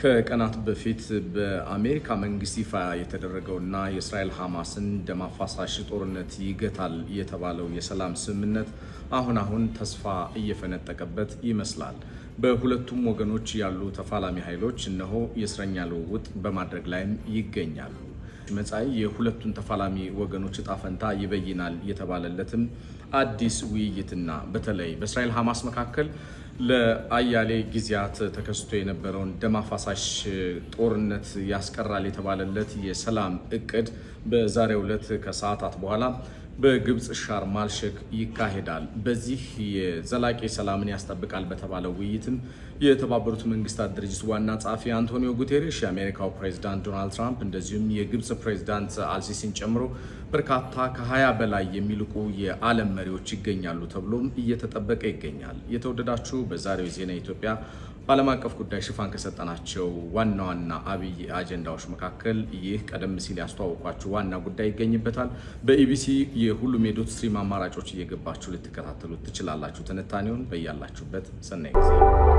ከቀናት በፊት በአሜሪካ መንግስት ይፋ የተደረገውና የእስራኤል ሐማስን ደም አፋሳሽ ጦርነት ይገታል የተባለው የሰላም ስምምነት አሁን አሁን ተስፋ እየፈነጠቀበት ይመስላል። በሁለቱም ወገኖች ያሉ ተፋላሚ ኃይሎች እነሆ የእስረኛ ልውውጥ በማድረግ ላይም ይገኛሉ። መጻኢ የሁለቱን ተፋላሚ ወገኖች እጣ ፈንታ ይበይናል የተባለለትም አዲስ ውይይትና በተለይ በእስራኤል ሐማስ መካከል ለአያሌ ጊዜያት ተከስቶ የነበረውን ደም አፋሳሽ ጦርነት ያስቀራል የተባለለት የሰላም እቅድ በዛሬው ዕለት ከሰዓታት በኋላ በግብፅ ሻርም አልሼክ ይካሄዳል። በዚህ የዘላቂ ሰላምን ያስጠብቃል በተባለው ውይይትም የተባበሩት መንግስታት ድርጅት ዋና ጸሐፊ አንቶኒዮ ጉቴሬሽ፣ የአሜሪካው ፕሬዚዳንት ዶናልድ ትራምፕ እንደዚሁም የግብፅ ፕሬዚዳንት አልሲሲን ጨምሮ በርካታ ከሀያ በላይ የሚልቁ የዓለም መሪዎች ይገኛሉ ተብሎም እየተጠበቀ ይገኛል። የተወደዳችሁ በዛሬው ዜና ኢትዮጵያ በዓለም አቀፍ ጉዳይ ሽፋን ከሰጠናቸው ዋና ዋና አብይ አጀንዳዎች መካከል ይህ ቀደም ሲል ያስተዋወቋችሁ ዋና ጉዳይ ይገኝበታል። በኢቢሲ የሁሉም የዶት ስትሪም አማራጮች እየገባችሁ ልትከታተሉ ትችላላችሁ። ትንታኔውን በያላችሁበት ሰናይ ጊዜ